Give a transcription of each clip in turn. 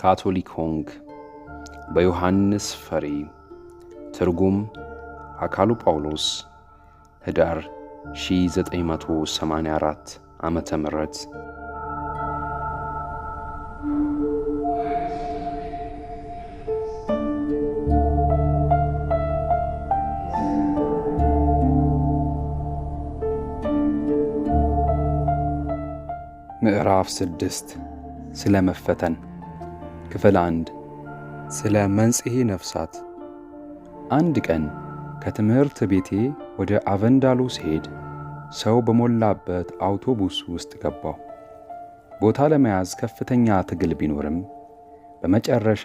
ካቶሊክ ሆንግ በዮሐንስ ፈሪ ትርጉም አካሉ ጳውሎስ ህዳር 1984 ዓ ም ምዕራፍ ስድስት ስለ መፈተን ክፍል አንድ ስለ መንጽሔ ነፍሳት። አንድ ቀን ከትምህርት ቤቴ ወደ አቨንዳሎ ስሄድ ሰው በሞላበት አውቶቡስ ውስጥ ገባሁ። ቦታ ለመያዝ ከፍተኛ ትግል ቢኖርም በመጨረሻ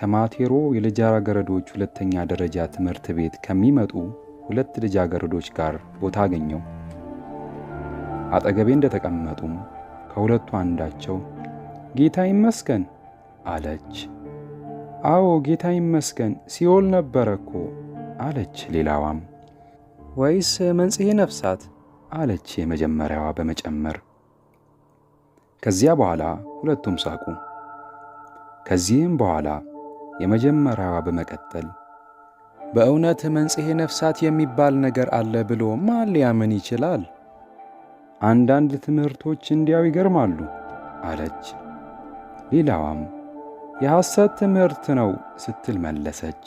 ከማቴሮ የልጃገረዶች ሁለተኛ ደረጃ ትምህርት ቤት ከሚመጡ ሁለት ልጃገረዶች ጋር ቦታ አገኘው። አጠገቤ እንደተቀመጡም ከሁለቱ አንዳቸው ጌታ ይመስገን አለች። አዎ ጌታ ይመስገን ሲኦል ነበረ እኮ አለች ሌላዋም። ወይስ መንጽሔ ነፍሳት አለች የመጀመሪያዋ በመጨመር። ከዚያ በኋላ ሁለቱም ሳቁ። ከዚህም በኋላ የመጀመሪያዋ በመቀጠል በእውነት መንጽሔ ነፍሳት የሚባል ነገር አለ ብሎ ማን ሊያምን ይችላል? አንዳንድ ትምህርቶች እንዲያው ይገርማሉ አለች ሌላዋም የሐሰት ትምህርት ነው ስትል መለሰች።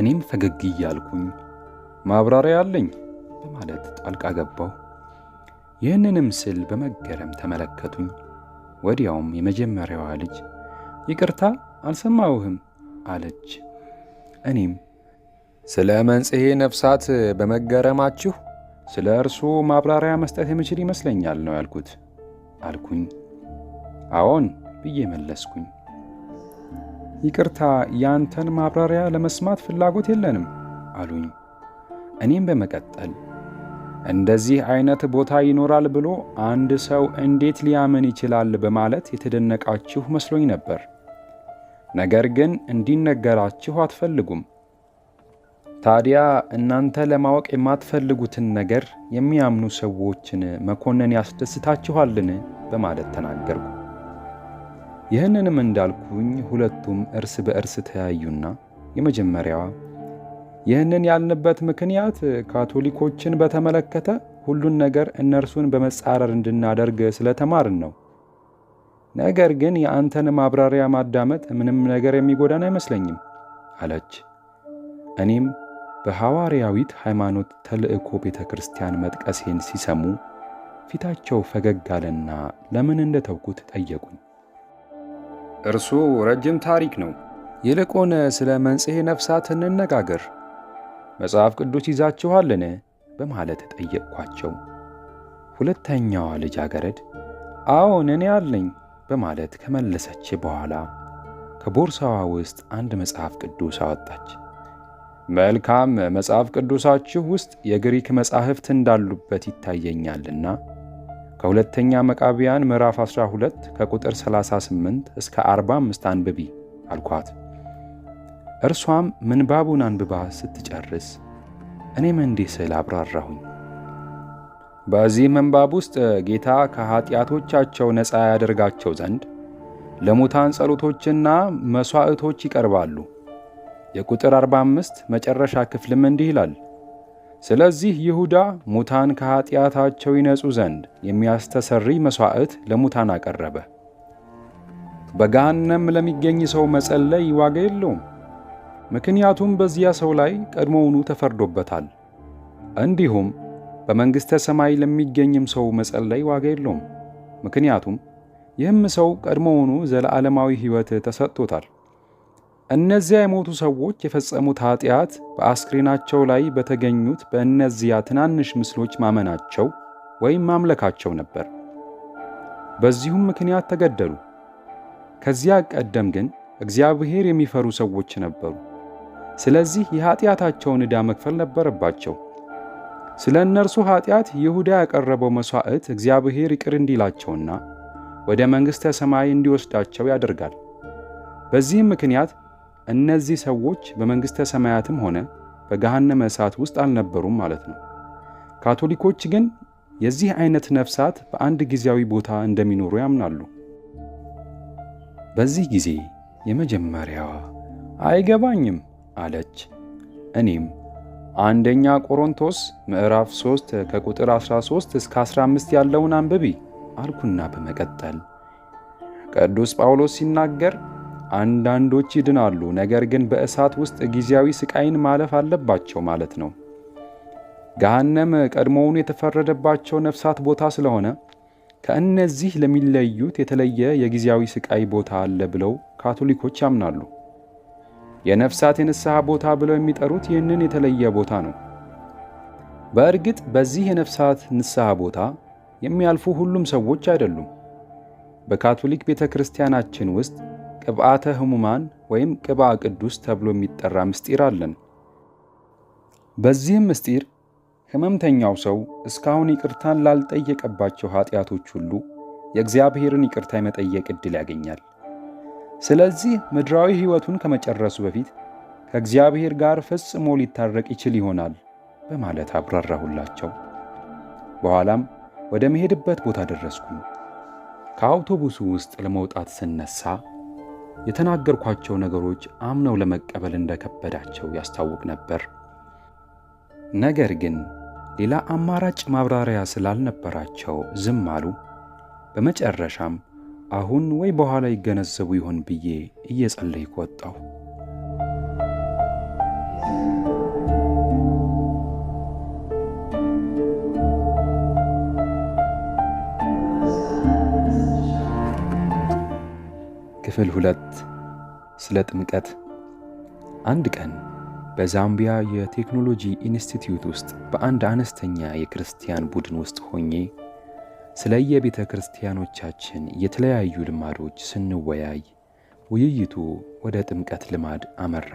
እኔም ፈገግ እያልኩኝ ማብራሪያ አለኝ በማለት ጣልቃ ገባው። ይህንንም ስል በመገረም ተመለከቱኝ። ወዲያውም የመጀመሪያዋ ልጅ ይቅርታ አልሰማውህም አለች። እኔም ስለ መንጽሔ ነፍሳት በመገረማችሁ ስለ እርሱ ማብራሪያ መስጠት የምችል ይመስለኛል ነው ያልኩት አልኩኝ። አዎን ብዬ መለስኩኝ። ይቅርታ ያንተን ማብራሪያ ለመስማት ፍላጎት የለንም አሉኝ። እኔም በመቀጠል እንደዚህ አይነት ቦታ ይኖራል ብሎ አንድ ሰው እንዴት ሊያምን ይችላል በማለት የተደነቃችሁ መስሎኝ ነበር። ነገር ግን እንዲነገራችሁ አትፈልጉም። ታዲያ እናንተ ለማወቅ የማትፈልጉትን ነገር የሚያምኑ ሰዎችን መኮንን ያስደስታችኋልን? በማለት ተናገርኩ። ይህንንም እንዳልኩኝ ሁለቱም እርስ በእርስ ተያዩና የመጀመሪያዋ ይህንን ያልንበት ምክንያት ካቶሊኮችን በተመለከተ ሁሉን ነገር እነርሱን በመጻረር እንድናደርግ ስለተማርን ነው። ነገር ግን የአንተን ማብራሪያ ማዳመጥ ምንም ነገር የሚጎዳን አይመስለኝም አለች። እኔም በሐዋርያዊት ሃይማኖት ተልእኮ ቤተ ክርስቲያን መጥቀሴን ሲሰሙ ፊታቸው ፈገግ አለና ለምን እንደተውኩት ጠየቁኝ። እርሱ ረጅም ታሪክ ነው። ይልቁን ስለ መንጽሔ ነፍሳት እንነጋገር። መጽሐፍ ቅዱስ ይዛችኋልን? በማለት ጠየቅኳቸው። ሁለተኛዋ ልጃገረድ አዎን እኔ አለኝ በማለት ከመለሰች በኋላ ከቦርሳዋ ውስጥ አንድ መጽሐፍ ቅዱስ አወጣች። መልካም መጽሐፍ ቅዱሳችሁ ውስጥ የግሪክ መጻሕፍት እንዳሉበት ይታየኛልና ከሁለተኛ መቃቢያን ምዕራፍ 12 ከቁጥር 38 እስከ 45 አንብቢ አልኳት። እርሷም ምንባቡን አንብባ ስትጨርስ እኔም እንዲህ ስል አብራራሁኝ። በዚህ ምንባብ ውስጥ ጌታ ከኀጢአቶቻቸው ነፃ ያደርጋቸው ዘንድ ለሙታን ጸሎቶችና መሥዋዕቶች ይቀርባሉ። የቁጥር 45 መጨረሻ ክፍልም እንዲህ ይላል ስለዚህ ይሁዳ ሙታን ከኀጢአታቸው ይነጹ ዘንድ የሚያስተሰሪ መሥዋዕት ለሙታን አቀረበ። በገሃነም ለሚገኝ ሰው መጸለይ ዋጋ የለውም፣ ምክንያቱም በዚያ ሰው ላይ ቀድሞውኑ ተፈርዶበታል። እንዲሁም በመንግሥተ ሰማይ ለሚገኝም ሰው መጸለይ ዋጋ የለውም፣ ምክንያቱም ይህም ሰው ቀድሞውኑ ዘለዓለማዊ ሕይወት ተሰጥቶታል። እነዚያ የሞቱ ሰዎች የፈጸሙት ኃጢአት በአስክሬናቸው ላይ በተገኙት በእነዚያ ትናንሽ ምስሎች ማመናቸው ወይም ማምለካቸው ነበር። በዚሁም ምክንያት ተገደሉ። ከዚያ ቀደም ግን እግዚአብሔር የሚፈሩ ሰዎች ነበሩ። ስለዚህ የኃጢአታቸውን ዕዳ መክፈል ነበረባቸው። ስለ እነርሱ ኃጢአት ይሁዳ ያቀረበው መሥዋዕት እግዚአብሔር ይቅር እንዲላቸውና ወደ መንግሥተ ሰማይ እንዲወስዳቸው ያደርጋል። በዚህም ምክንያት እነዚህ ሰዎች በመንግሥተ ሰማያትም ሆነ በገሃነመ እሳት ውስጥ አልነበሩም ማለት ነው። ካቶሊኮች ግን የዚህ አይነት ነፍሳት በአንድ ጊዜያዊ ቦታ እንደሚኖሩ ያምናሉ። በዚህ ጊዜ የመጀመሪያዋ አይገባኝም አለች። እኔም አንደኛ ቆሮንቶስ ምዕራፍ 3 ከቁጥር 13 እስከ 15 ያለውን አንብቢ አልኩና በመቀጠል ቅዱስ ጳውሎስ ሲናገር አንዳንዶች ይድናሉ፣ ነገር ግን በእሳት ውስጥ ጊዜያዊ ስቃይን ማለፍ አለባቸው ማለት ነው። ገሃነም ቀድሞውኑ የተፈረደባቸው ነፍሳት ቦታ ስለሆነ ከእነዚህ ለሚለዩት የተለየ የጊዜያዊ ስቃይ ቦታ አለ ብለው ካቶሊኮች ያምናሉ። የነፍሳት የንስሐ ቦታ ብለው የሚጠሩት ይህንን የተለየ ቦታ ነው። በእርግጥ በዚህ የነፍሳት ንስሐ ቦታ የሚያልፉ ሁሉም ሰዎች አይደሉም። በካቶሊክ ቤተ ክርስቲያናችን ውስጥ ቅብአተ ሕሙማን ወይም ቅብአ ቅዱስ ተብሎ የሚጠራ ምስጢር አለን። በዚህም ምስጢር ሕመምተኛው ሰው እስካሁን ይቅርታን ላልጠየቀባቸው ኃጢአቶች ሁሉ የእግዚአብሔርን ይቅርታ የመጠየቅ ዕድል ያገኛል። ስለዚህ ምድራዊ ሕይወቱን ከመጨረሱ በፊት ከእግዚአብሔር ጋር ፈጽሞ ሊታረቅ ይችል ይሆናል በማለት አብራራሁላቸው። በኋላም ወደ መሄድበት ቦታ ደረስኩ። ከአውቶቡሱ ውስጥ ለመውጣት ስነሳ የተናገርኳቸው ነገሮች አምነው ለመቀበል እንደከበዳቸው ያስታውቅ ነበር። ነገር ግን ሌላ አማራጭ ማብራሪያ ስላልነበራቸው ዝም አሉ። በመጨረሻም አሁን ወይ በኋላ ይገነዘቡ ይሆን ብዬ እየጸለይኩ ወጣሁ። ክፍል ሁለት ስለ ጥምቀት። አንድ ቀን በዛምቢያ የቴክኖሎጂ ኢንስቲትዩት ውስጥ በአንድ አነስተኛ የክርስቲያን ቡድን ውስጥ ሆኜ ስለ የቤተ ክርስቲያኖቻችን የተለያዩ ልማዶች ስንወያይ ውይይቱ ወደ ጥምቀት ልማድ አመራ።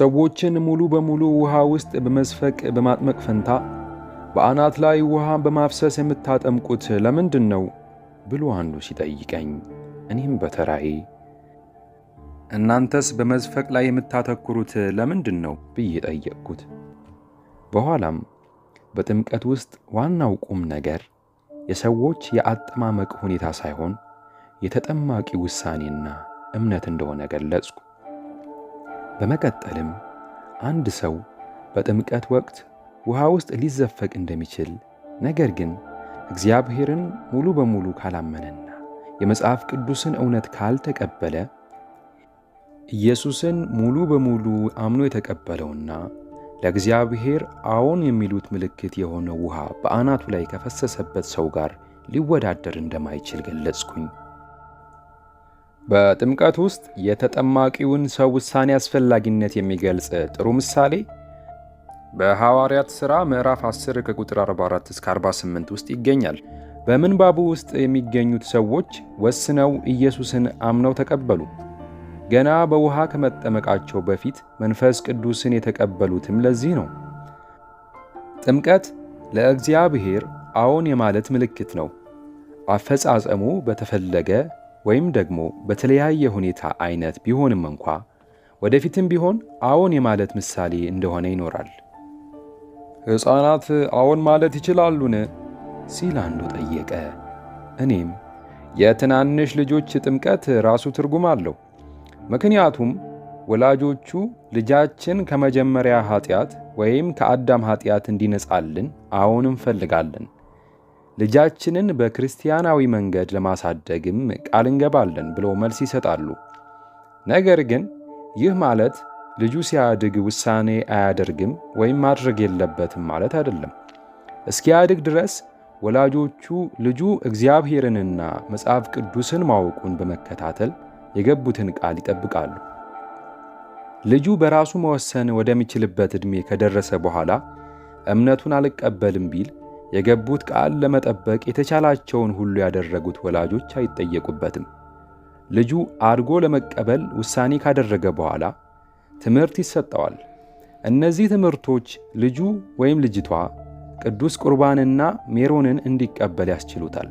ሰዎችን ሙሉ በሙሉ ውሃ ውስጥ በመዝፈቅ በማጥመቅ ፈንታ በአናት ላይ ውሃ በማፍሰስ የምታጠምቁት ለምንድን ነው ብሎ አንዱ ሲጠይቀኝ እኔም በተራዬ እናንተስ በመዝፈቅ ላይ የምታተኩሩት ለምንድን ነው ብዬ ጠየቅኩት። በኋላም በጥምቀት ውስጥ ዋናው ቁም ነገር የሰዎች የአጠማመቅ ሁኔታ ሳይሆን የተጠማቂ ውሳኔና እምነት እንደሆነ ገለጽኩ። በመቀጠልም አንድ ሰው በጥምቀት ወቅት ውሃ ውስጥ ሊዘፈቅ እንደሚችል ነገር ግን እግዚአብሔርን ሙሉ በሙሉ ካላመነን የመጽሐፍ ቅዱስን እውነት ካልተቀበለ ኢየሱስን ሙሉ በሙሉ አምኖ የተቀበለውና ለእግዚአብሔር አዎን የሚሉት ምልክት የሆነ ውሃ በአናቱ ላይ ከፈሰሰበት ሰው ጋር ሊወዳደር እንደማይችል ገለጽኩኝ። በጥምቀት ውስጥ የተጠማቂውን ሰው ውሳኔ አስፈላጊነት የሚገልጽ ጥሩ ምሳሌ በሐዋርያት ሥራ ምዕራፍ 10 ከቁጥር 44 እስከ 48 ውስጥ ይገኛል። በምንባቡ ውስጥ የሚገኙት ሰዎች ወስነው ኢየሱስን አምነው ተቀበሉ። ገና በውሃ ከመጠመቃቸው በፊት መንፈስ ቅዱስን የተቀበሉትም ለዚህ ነው። ጥምቀት ለእግዚአብሔር አዎን የማለት ምልክት ነው። አፈጻጸሙ በተፈለገ ወይም ደግሞ በተለያየ ሁኔታ አይነት ቢሆንም እንኳ ወደፊትም ቢሆን አዎን የማለት ምሳሌ እንደሆነ ይኖራል። ሕፃናት አዎን ማለት ይችላሉን? ሲል አንዱ ጠየቀ። እኔም የትናንሽ ልጆች ጥምቀት ራሱ ትርጉም አለው። ምክንያቱም ወላጆቹ ልጃችን ከመጀመሪያ ኃጢአት ወይም ከአዳም ኃጢአት እንዲነጻልን አሁን እንፈልጋለን። ልጃችንን በክርስቲያናዊ መንገድ ለማሳደግም ቃል እንገባለን ብለው መልስ ይሰጣሉ። ነገር ግን ይህ ማለት ልጁ ሲያድግ ውሳኔ አያደርግም ወይም ማድረግ የለበትም ማለት አይደለም። እስኪያድግ ድረስ ወላጆቹ ልጁ እግዚአብሔርንና መጽሐፍ ቅዱስን ማወቁን በመከታተል የገቡትን ቃል ይጠብቃሉ። ልጁ በራሱ መወሰን ወደሚችልበት ዕድሜ ከደረሰ በኋላ እምነቱን አልቀበልም ቢል የገቡት ቃል ለመጠበቅ የተቻላቸውን ሁሉ ያደረጉት ወላጆች አይጠየቁበትም። ልጁ አድጎ ለመቀበል ውሳኔ ካደረገ በኋላ ትምህርት ይሰጠዋል። እነዚህ ትምህርቶች ልጁ ወይም ልጅቷ ቅዱስ ቁርባንና ሜሮንን እንዲቀበል ያስችሉታል።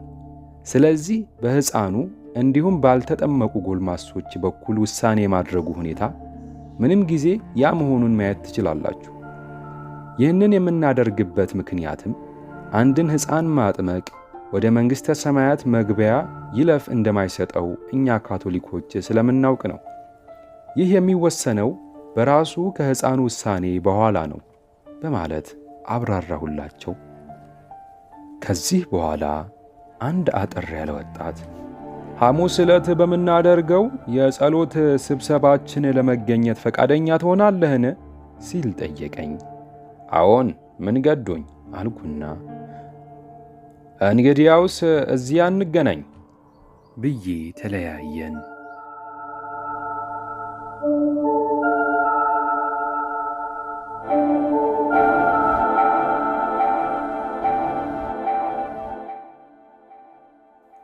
ስለዚህ በሕፃኑ እንዲሁም ባልተጠመቁ ጎልማሶች በኩል ውሳኔ የማድረጉ ሁኔታ ምንም ጊዜ ያ መሆኑን ማየት ትችላላችሁ። ይህንን የምናደርግበት ምክንያትም አንድን ሕፃን ማጥመቅ ወደ መንግሥተ ሰማያት መግቢያ ይለፍ እንደማይሰጠው እኛ ካቶሊኮች ስለምናውቅ ነው። ይህ የሚወሰነው በራሱ ከሕፃኑ ውሳኔ በኋላ ነው በማለት አብራራሁላቸው። ከዚህ በኋላ አንድ አጠር ያለ ወጣት ሐሙስ ዕለት በምናደርገው የጸሎት ስብሰባችን ለመገኘት ፈቃደኛ ትሆናለህን? ሲል ጠየቀኝ። አዎን፣ ምን ገዶኝ አልኩና እንግዲያውስ እዚያ እንገናኝ ብዬ ተለያየን።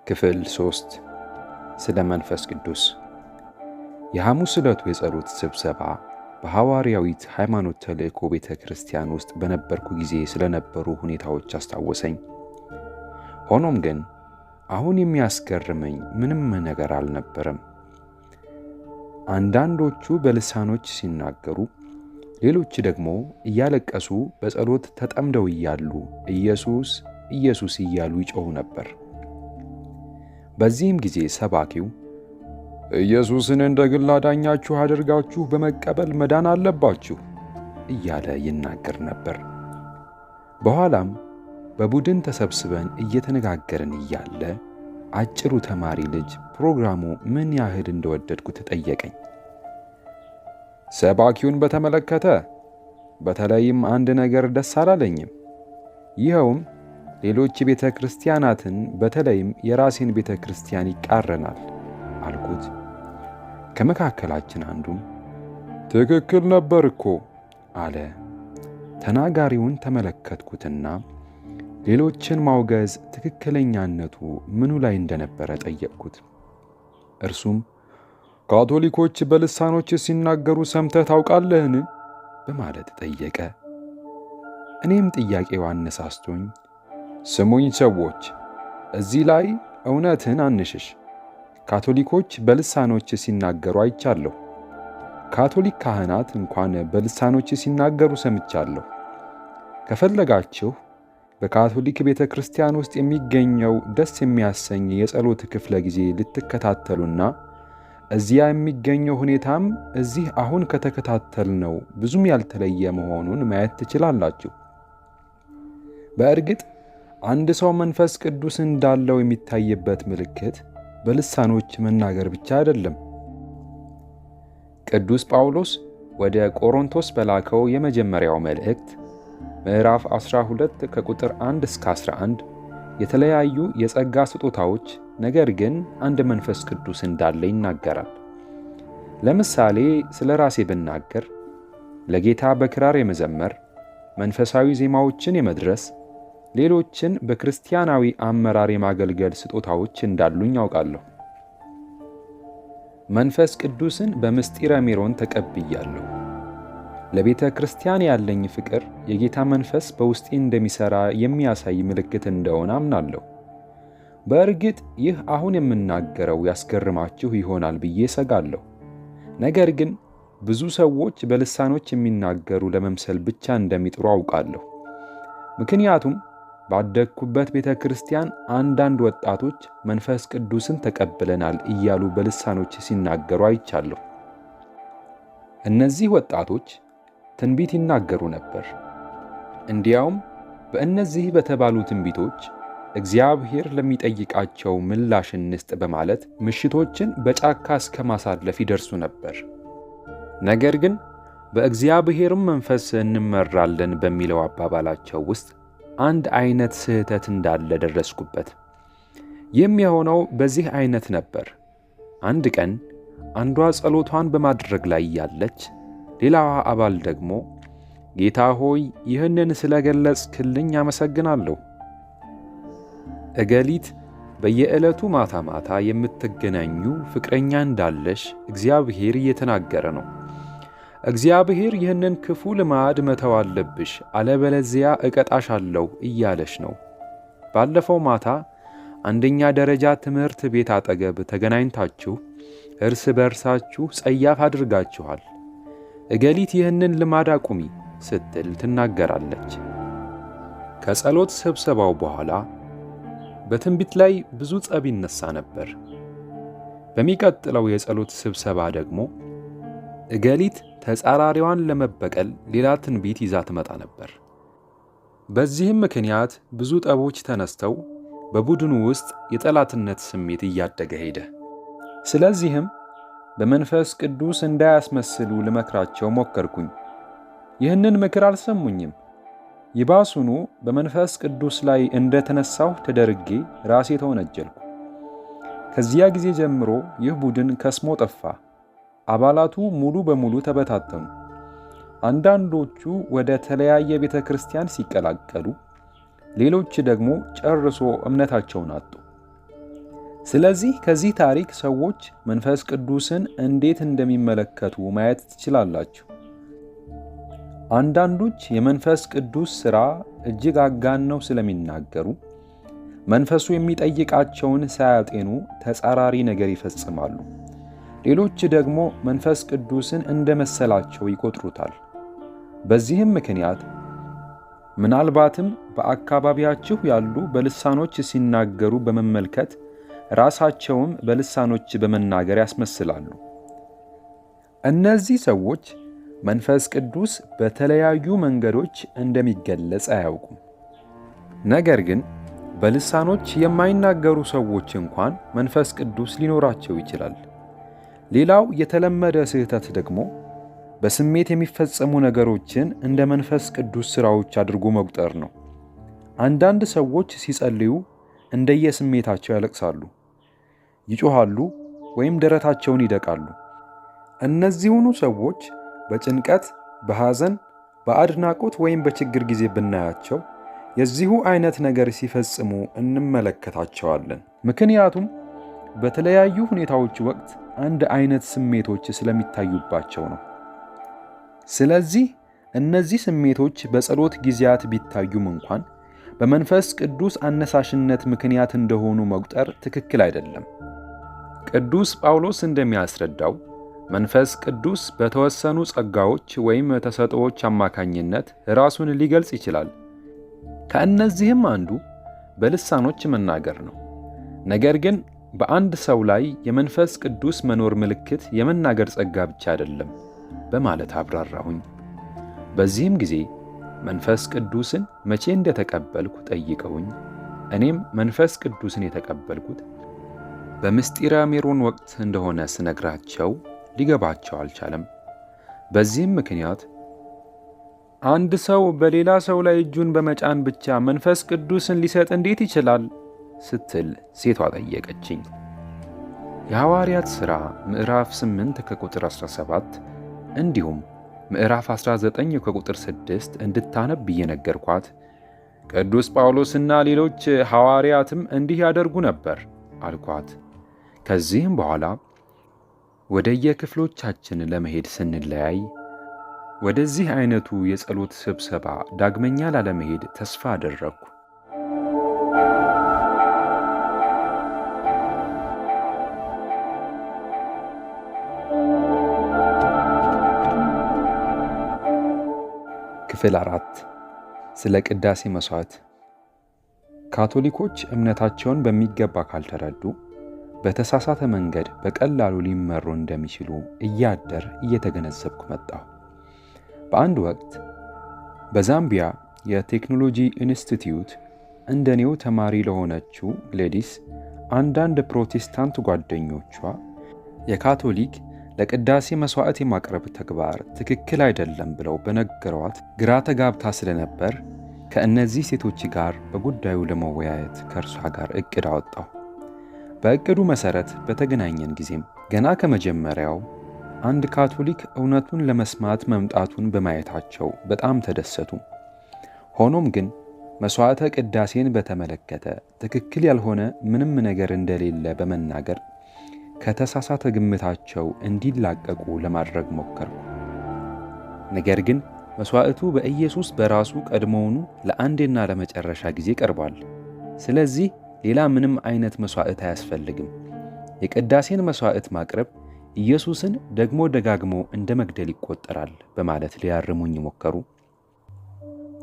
ክፍል 3 ስለ መንፈስ ቅዱስ የሐሙስ ዕለቱ የጸሎት ስብሰባ በሐዋርያዊት ሃይማኖት ተልእኮ ቤተ ክርስቲያን ውስጥ በነበርኩ ጊዜ ስለነበሩ ሁኔታዎች አስታወሰኝ። ሆኖም ግን አሁን የሚያስገርመኝ ምንም ነገር አልነበረም። አንዳንዶቹ በልሳኖች ሲናገሩ፣ ሌሎች ደግሞ እያለቀሱ በጸሎት ተጠምደው እያሉ ኢየሱስ ኢየሱስ እያሉ ይጮኹ ነበር። በዚህም ጊዜ ሰባኪው ኢየሱስን እንደ ግል አዳኛችሁ አድርጋችሁ በመቀበል መዳን አለባችሁ እያለ ይናገር ነበር። በኋላም በቡድን ተሰብስበን እየተነጋገርን እያለ አጭሩ ተማሪ ልጅ ፕሮግራሙ ምን ያህል እንደወደድኩ ተጠየቀኝ። ሰባኪውን በተመለከተ በተለይም አንድ ነገር ደስ አላለኝም። ይኸውም ሌሎች ቤተ ክርስቲያናትን በተለይም የራሴን ቤተ ክርስቲያን ይቃረናል አልኩት። ከመካከላችን አንዱም ትክክል ነበር እኮ አለ። ተናጋሪውን ተመለከትኩትና ሌሎችን ማውገዝ ትክክለኛነቱ ምኑ ላይ እንደነበረ ጠየቅኩት። እርሱም ካቶሊኮች በልሳኖች ሲናገሩ ሰምተህ ታውቃለህን? በማለት ጠየቀ። እኔም ጥያቄው አነሳስቶኝ ስሙኝ ሰዎች፣ እዚህ ላይ እውነትን አንሽሽ። ካቶሊኮች በልሳኖች ሲናገሩ አይቻለሁ። ካቶሊክ ካህናት እንኳን በልሳኖች ሲናገሩ ሰምቻለሁ። ከፈለጋችሁ በካቶሊክ ቤተ ክርስቲያን ውስጥ የሚገኘው ደስ የሚያሰኝ የጸሎት ክፍለ ጊዜ ልትከታተሉና እዚያ የሚገኘው ሁኔታም እዚህ አሁን ከተከታተልነው ብዙም ያልተለየ መሆኑን ማየት ትችላላችሁ። በእርግጥ አንድ ሰው መንፈስ ቅዱስ እንዳለው የሚታይበት ምልክት በልሳኖች መናገር ብቻ አይደለም። ቅዱስ ጳውሎስ ወደ ቆሮንቶስ በላከው የመጀመሪያው መልእክት ምዕራፍ 12 ከቁጥር 1 እስከ 11 የተለያዩ የጸጋ ስጦታዎች ነገር ግን አንድ መንፈስ ቅዱስ እንዳለ ይናገራል። ለምሳሌ ስለ ራሴ ብናገር ለጌታ በክራር የመዘመር መንፈሳዊ ዜማዎችን የመድረስ ሌሎችን በክርስቲያናዊ አመራር የማገልገል ስጦታዎች እንዳሉኝ ያውቃለሁ። መንፈስ ቅዱስን በምስጢረ ሜሮን ተቀብያለሁ። ለቤተ ክርስቲያን ያለኝ ፍቅር የጌታ መንፈስ በውስጤ እንደሚሠራ የሚያሳይ ምልክት እንደሆነ አምናለሁ። በእርግጥ ይህ አሁን የምናገረው ያስገርማችሁ ይሆናል ብዬ ሰጋለሁ። ነገር ግን ብዙ ሰዎች በልሳኖች የሚናገሩ ለመምሰል ብቻ እንደሚጥሩ አውቃለሁ። ምክንያቱም ባደግኩበት ቤተ ክርስቲያን አንዳንድ ወጣቶች መንፈስ ቅዱስን ተቀብለናል እያሉ በልሳኖች ሲናገሩ አይቻለሁ። እነዚህ ወጣቶች ትንቢት ይናገሩ ነበር። እንዲያውም በእነዚህ በተባሉ ትንቢቶች እግዚአብሔር ለሚጠይቃቸው ምላሽ እንስጥ በማለት ምሽቶችን በጫካ እስከ ማሳለፍ ይደርሱ ነበር። ነገር ግን በእግዚአብሔርም መንፈስ እንመራለን በሚለው አባባላቸው ውስጥ አንድ አይነት ስህተት እንዳለ ደረስኩበት። የሚሆነው በዚህ አይነት ነበር። አንድ ቀን አንዷ ጸሎቷን በማድረግ ላይ ያለች፣ ሌላዋ አባል ደግሞ ጌታ ሆይ ይህንን ስለ ገለጽክልኝ አመሰግናለሁ። እገሊት በየዕለቱ ማታ ማታ የምትገናኙ ፍቅረኛ እንዳለሽ እግዚአብሔር እየተናገረ ነው እግዚአብሔር ይህንን ክፉ ልማድ መተው አለብሽ፣ አለበለዚያ እቀጣሻለሁ እያለሽ ነው። ባለፈው ማታ አንደኛ ደረጃ ትምህርት ቤት አጠገብ ተገናኝታችሁ እርስ በርሳችሁ ጸያፍ አድርጋችኋል። እገሊት ይህንን ልማድ አቁሚ ስትል ትናገራለች። ከጸሎት ስብሰባው በኋላ በትንቢት ላይ ብዙ ጸብ ይነሳ ነበር። በሚቀጥለው የጸሎት ስብሰባ ደግሞ እገሊት ተጻራሪዋን ለመበቀል ሌላ ትንቢት ይዛ ትመጣ ነበር። በዚህም ምክንያት ብዙ ጠቦች ተነስተው በቡድኑ ውስጥ የጠላትነት ስሜት እያደገ ሄደ። ስለዚህም በመንፈስ ቅዱስ እንዳያስመስሉ ልመክራቸው ሞከርኩኝ። ይህንን ምክር አልሰሙኝም። ይባሱኑ በመንፈስ ቅዱስ ላይ እንደተነሳሁ ተደርጌ ራሴ ተወነጀልኩ። ከዚያ ጊዜ ጀምሮ ይህ ቡድን ከስሞ ጠፋ። አባላቱ ሙሉ በሙሉ ተበታተኑ። አንዳንዶቹ ወደ ተለያየ ቤተ ክርስቲያን ሲቀላቀሉ፣ ሌሎች ደግሞ ጨርሶ እምነታቸውን አጡ። ስለዚህ ከዚህ ታሪክ ሰዎች መንፈስ ቅዱስን እንዴት እንደሚመለከቱ ማየት ትችላላችሁ። አንዳንዶች የመንፈስ ቅዱስ ሥራ እጅግ አጋን ነው ስለሚናገሩ መንፈሱ የሚጠይቃቸውን ሳያጤኑ ተጻራሪ ነገር ይፈጽማሉ። ሌሎች ደግሞ መንፈስ ቅዱስን እንደ መሰላቸው ይቆጥሩታል። በዚህም ምክንያት ምናልባትም በአካባቢያችሁ ያሉ በልሳኖች ሲናገሩ በመመልከት ራሳቸውም በልሳኖች በመናገር ያስመስላሉ። እነዚህ ሰዎች መንፈስ ቅዱስ በተለያዩ መንገዶች እንደሚገለጽ አያውቁም። ነገር ግን በልሳኖች የማይናገሩ ሰዎች እንኳን መንፈስ ቅዱስ ሊኖራቸው ይችላል። ሌላው የተለመደ ስህተት ደግሞ በስሜት የሚፈጸሙ ነገሮችን እንደ መንፈስ ቅዱስ ሥራዎች አድርጎ መቁጠር ነው። አንዳንድ ሰዎች ሲጸልዩ እንደየስሜታቸው ያለቅሳሉ፣ ይጮኻሉ፣ ወይም ደረታቸውን ይደቃሉ። እነዚሁኑ ሰዎች በጭንቀት፣ በሐዘን፣ በአድናቆት ወይም በችግር ጊዜ ብናያቸው የዚሁ አይነት ነገር ሲፈጽሙ እንመለከታቸዋለን። ምክንያቱም በተለያዩ ሁኔታዎች ወቅት አንድ አይነት ስሜቶች ስለሚታዩባቸው ነው። ስለዚህ እነዚህ ስሜቶች በጸሎት ጊዜያት ቢታዩም እንኳን በመንፈስ ቅዱስ አነሳሽነት ምክንያት እንደሆኑ መቁጠር ትክክል አይደለም። ቅዱስ ጳውሎስ እንደሚያስረዳው መንፈስ ቅዱስ በተወሰኑ ጸጋዎች ወይም ተሰጥኦዎች አማካኝነት ራሱን ሊገልጽ ይችላል። ከእነዚህም አንዱ በልሳኖች መናገር ነው። ነገር ግን በአንድ ሰው ላይ የመንፈስ ቅዱስ መኖር ምልክት የመናገር ጸጋ ብቻ አይደለም በማለት አብራራሁኝ። በዚህም ጊዜ መንፈስ ቅዱስን መቼ እንደተቀበልኩ ጠይቀውኝ እኔም መንፈስ ቅዱስን የተቀበልኩት በምስጢረ ሜሮን ወቅት እንደሆነ ስነግራቸው ሊገባቸው አልቻለም። በዚህም ምክንያት አንድ ሰው በሌላ ሰው ላይ እጁን በመጫን ብቻ መንፈስ ቅዱስን ሊሰጥ እንዴት ይችላል? ስትል ሴቷ ጠየቀችኝ። የሐዋርያት ሥራ ምዕራፍ 8 ከቁጥር 17 እንዲሁም ምዕራፍ 19 ከቁጥር 6 እንድታነብ እየነገርኳት ቅዱስ ጳውሎስና ሌሎች ሐዋርያትም እንዲህ ያደርጉ ነበር አልኳት። ከዚህም በኋላ ወደየክፍሎቻችን ለመሄድ ስንለያይ ወደዚህ አይነቱ የጸሎት ስብሰባ ዳግመኛ ላለመሄድ ተስፋ አደረግኩ። ክፍል አራት ስለ ቅዳሴ መሥዋዕት። ካቶሊኮች እምነታቸውን በሚገባ ካልተረዱ በተሳሳተ መንገድ በቀላሉ ሊመሩ እንደሚችሉ እያደር እየተገነዘብኩ መጣሁ። በአንድ ወቅት በዛምቢያ የቴክኖሎጂ ኢንስቲትዩት እንደኔው ተማሪ ለሆነችው ግሌዲስ አንዳንድ ፕሮቴስታንት ጓደኞቿ የካቶሊክ ለቅዳሴ መሥዋዕት የማቅረብ ተግባር ትክክል አይደለም ብለው በነገሯት ግራ ተጋብታ ስለነበር ከእነዚህ ሴቶች ጋር በጉዳዩ ለመወያየት ከእርሷ ጋር እቅድ አወጣሁ። በእቅዱ መሠረት በተገናኘን ጊዜም ገና ከመጀመሪያው አንድ ካቶሊክ እውነቱን ለመስማት መምጣቱን በማየታቸው በጣም ተደሰቱ። ሆኖም ግን መሥዋዕተ ቅዳሴን በተመለከተ ትክክል ያልሆነ ምንም ነገር እንደሌለ በመናገር ከተሳሳተ ግምታቸው እንዲላቀቁ ለማድረግ ሞከርኩ። ነገር ግን መሥዋዕቱ በኢየሱስ በራሱ ቀድሞውኑ ለአንዴና ለመጨረሻ ጊዜ ቀርቧል። ስለዚህ ሌላ ምንም አይነት መሥዋዕት አያስፈልግም። የቅዳሴን መሥዋዕት ማቅረብ ኢየሱስን ደግሞ ደጋግሞ እንደ መግደል ይቆጠራል በማለት ሊያርሙኝ ሞከሩ።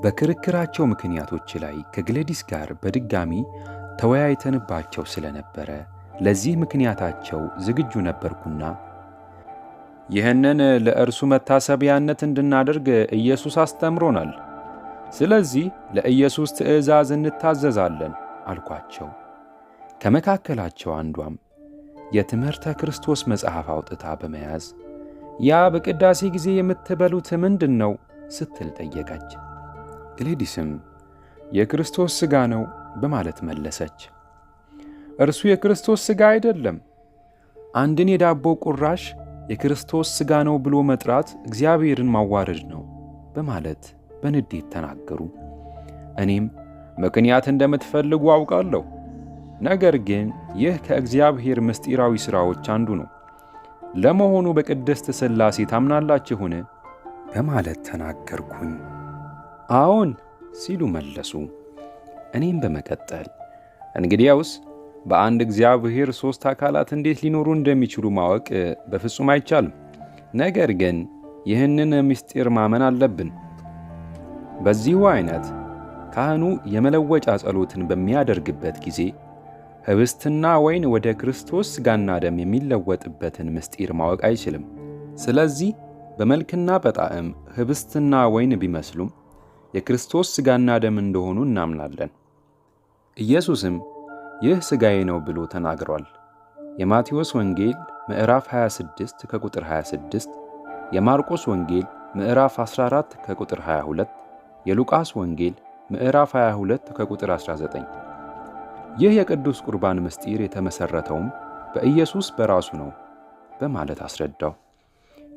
በክርክራቸው ምክንያቶች ላይ ከግለዲስ ጋር በድጋሚ ተወያይተንባቸው ስለነበረ ለዚህ ምክንያታቸው ዝግጁ ነበርኩና ይህንን ለእርሱ መታሰቢያነት እንድናደርግ ኢየሱስ አስተምሮናል። ስለዚህ ለኢየሱስ ትእዛዝ እንታዘዛለን አልኳቸው። ከመካከላቸው አንዷም የትምህርተ ክርስቶስ መጽሐፍ አውጥታ በመያዝ ያ በቅዳሴ ጊዜ የምትበሉት ምንድን ነው ስትል ጠየቀች። ግሌዲስም የክርስቶስ ሥጋ ነው በማለት መለሰች። እርሱ የክርስቶስ ሥጋ አይደለም። አንድን የዳቦ ቁራሽ የክርስቶስ ሥጋ ነው ብሎ መጥራት እግዚአብሔርን ማዋረድ ነው በማለት በንዴት ተናገሩ። እኔም ምክንያት እንደምትፈልጉ አውቃለሁ። ነገር ግን ይህ ከእግዚአብሔር ምስጢራዊ ሥራዎች አንዱ ነው። ለመሆኑ በቅድስት ሥላሴ ታምናላችሁን? በማለት ተናገርኩኝ። አዎን ሲሉ መለሱ። እኔም በመቀጠል እንግዲያውስ በአንድ እግዚአብሔር ሦስት አካላት እንዴት ሊኖሩ እንደሚችሉ ማወቅ በፍጹም አይቻልም። ነገር ግን ይህንን ምስጢር ማመን አለብን። በዚሁ አይነት ካህኑ የመለወጫ ጸሎትን በሚያደርግበት ጊዜ ህብስትና ወይን ወደ ክርስቶስ ሥጋና ደም የሚለወጥበትን ምስጢር ማወቅ አይችልም። ስለዚህ በመልክና በጣዕም ህብስትና ወይን ቢመስሉም የክርስቶስ ሥጋና ደም እንደሆኑ እናምናለን። ኢየሱስም ይህ ሥጋዬ ነው ብሎ ተናግሯል። የማቴዎስ ወንጌል ምዕራፍ 26 ከቁጥር 26፣ የማርቆስ ወንጌል ምዕራፍ 14 ከቁጥር 22፣ የሉቃስ ወንጌል ምዕራፍ 22 ከቁጥር 19። ይህ የቅዱስ ቁርባን ምስጢር የተመሠረተውም በኢየሱስ በራሱ ነው በማለት አስረዳው።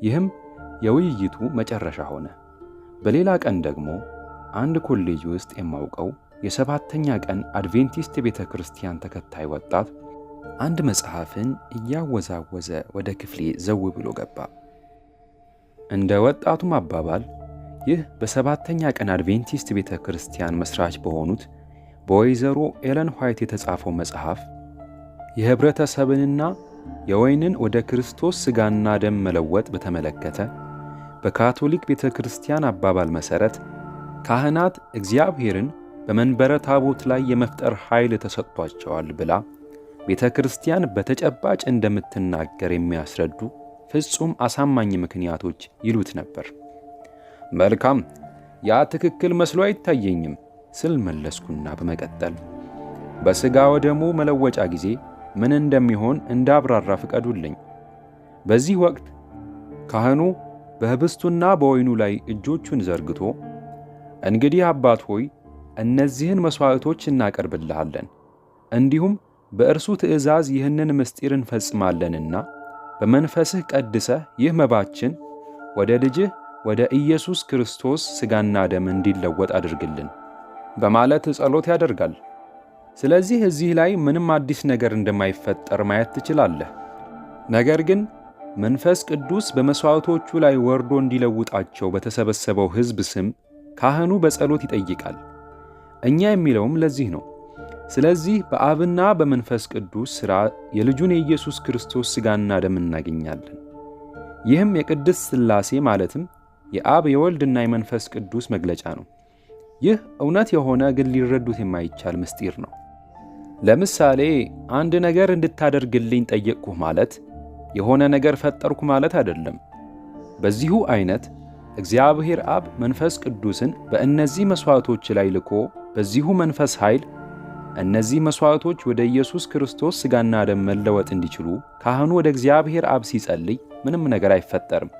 ይህም የውይይቱ መጨረሻ ሆነ። በሌላ ቀን ደግሞ አንድ ኮሌጅ ውስጥ የማውቀው የሰባተኛ ቀን አድቬንቲስት ቤተ ክርስቲያን ተከታይ ወጣት አንድ መጽሐፍን እያወዛወዘ ወደ ክፍሌ ዘው ብሎ ገባ። እንደ ወጣቱም አባባል ይህ በሰባተኛ ቀን አድቬንቲስት ቤተ ክርስቲያን መስራች በሆኑት በወይዘሮ ኤለን ኋይት የተጻፈው መጽሐፍ የኅብረተሰብንና የወይንን ወደ ክርስቶስ ሥጋና ደም መለወጥ በተመለከተ በካቶሊክ ቤተ ክርስቲያን አባባል መሠረት ካህናት እግዚአብሔርን በመንበረ ታቦት ላይ የመፍጠር ኃይል ተሰጥቷቸዋል ብላ ቤተ ክርስቲያን በተጨባጭ እንደምትናገር የሚያስረዱ ፍጹም አሳማኝ ምክንያቶች ይሉት ነበር። መልካም፣ ያ ትክክል መስሎ አይታየኝም ስል መለስኩና በመቀጠል በሥጋ ወደሙ መለወጫ ጊዜ ምን እንደሚሆን እንዳብራራ ፍቀዱልኝ። በዚህ ወቅት ካህኑ በህብስቱና በወይኑ ላይ እጆቹን ዘርግቶ እንግዲህ አባት ሆይ እነዚህን መሥዋዕቶች እናቀርብልሃለን እንዲሁም በእርሱ ትእዛዝ ይህንን ምስጢር እንፈጽማለንና በመንፈስህ ቀድሰህ ይህ መባችን ወደ ልጅህ ወደ ኢየሱስ ክርስቶስ ሥጋና ደም እንዲለወጥ አድርግልን በማለት ጸሎት ያደርጋል። ስለዚህ እዚህ ላይ ምንም አዲስ ነገር እንደማይፈጠር ማየት ትችላለህ። ነገር ግን መንፈስ ቅዱስ በመሥዋዕቶቹ ላይ ወርዶ እንዲለውጣቸው በተሰበሰበው ሕዝብ ስም ካህኑ በጸሎት ይጠይቃል። እኛ የሚለውም ለዚህ ነው። ስለዚህ በአብና በመንፈስ ቅዱስ ሥራ የልጁን የኢየሱስ ክርስቶስ ሥጋና ደም እናገኛለን። ይህም የቅድስት ሥላሴ ማለትም የአብ የወልድና የመንፈስ ቅዱስ መግለጫ ነው። ይህ እውነት የሆነ ግን ሊረዱት የማይቻል ምስጢር ነው። ለምሳሌ አንድ ነገር እንድታደርግልኝ ጠየቅኩህ ማለት የሆነ ነገር ፈጠርኩ ማለት አይደለም። በዚሁ ዐይነት እግዚአብሔር አብ መንፈስ ቅዱስን በእነዚህ መሥዋዕቶች ላይ ልኮ በዚሁ መንፈስ ኃይል እነዚህ መሥዋዕቶች ወደ ኢየሱስ ክርስቶስ ሥጋና ደም መለወጥ እንዲችሉ ካህኑ ወደ እግዚአብሔር አብ ሲጸልይ ምንም ነገር አይፈጠርም።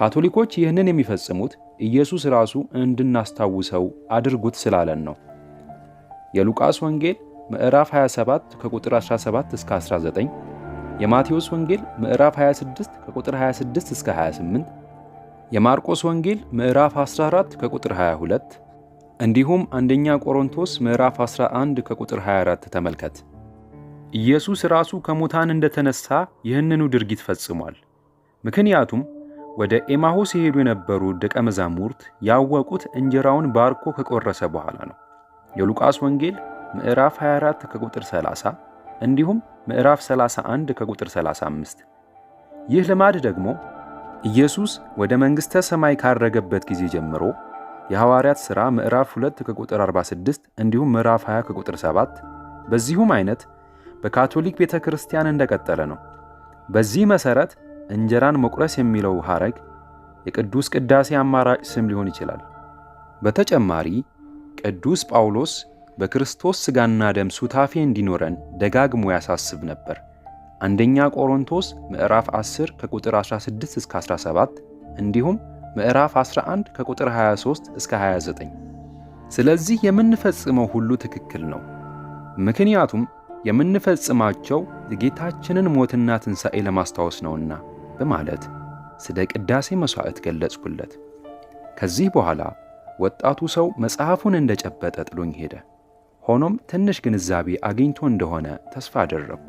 ካቶሊኮች ይህንን የሚፈጽሙት ኢየሱስ ራሱ እንድናስታውሰው አድርጉት ስላለን ነው። የሉቃስ ወንጌል ምዕራፍ 27 ከቁጥር 17 እስከ 19 የማቴዎስ ወንጌል ምዕራፍ 26 ከቁጥር 26 እስከ 28 የማርቆስ ወንጌል ምዕራፍ 14 ከቁጥር 22 እንዲሁም አንደኛ ቆሮንቶስ ምዕራፍ 11 ከቁጥር 24 ተመልከት። ኢየሱስ ራሱ ከሙታን እንደተነሳ ይህንኑ ድርጊት ፈጽሟል። ምክንያቱም ወደ ኤማሆስ የሄዱ የነበሩ ደቀ መዛሙርት ያወቁት እንጀራውን ባርኮ ከቆረሰ በኋላ ነው። የሉቃስ ወንጌል ምዕራፍ 24 ከቁጥር 30 እንዲሁም ምዕራፍ 31 ከቁጥር 35። ይህ ልማድ ደግሞ ኢየሱስ ወደ መንግሥተ ሰማይ ካረገበት ጊዜ ጀምሮ የሐዋርያት ሥራ ምዕራፍ 2 ከቁጥር 46 እንዲሁም ምዕራፍ 20 ከቁጥር 7 በዚሁም አይነት በካቶሊክ ቤተ ክርስቲያን እንደቀጠለ ነው። በዚህ መሠረት እንጀራን መቁረስ የሚለው ሐረግ የቅዱስ ቅዳሴ አማራጭ ስም ሊሆን ይችላል። በተጨማሪ ቅዱስ ጳውሎስ በክርስቶስ ሥጋና ደም ሱታፌ እንዲኖረን ደጋግሞ ያሳስብ ነበር። አንደኛ ቆሮንቶስ ምዕራፍ 10 ከቁጥር 16 እስከ 17 እንዲሁም ምዕራፍ 11 ከቁጥር 23 እስከ 29። ስለዚህ የምንፈጽመው ሁሉ ትክክል ነው። ምክንያቱም የምንፈጽማቸው የጌታችንን ሞትና ትንሣኤ ለማስታወስ ነውና በማለት ስለ ቅዳሴ መሥዋዕት ገለጽኩለት። ከዚህ በኋላ ወጣቱ ሰው መጽሐፉን እንደጨበጠ ጥሎኝ ሄደ። ሆኖም ትንሽ ግንዛቤ አግኝቶ እንደሆነ ተስፋ አደረግኩ።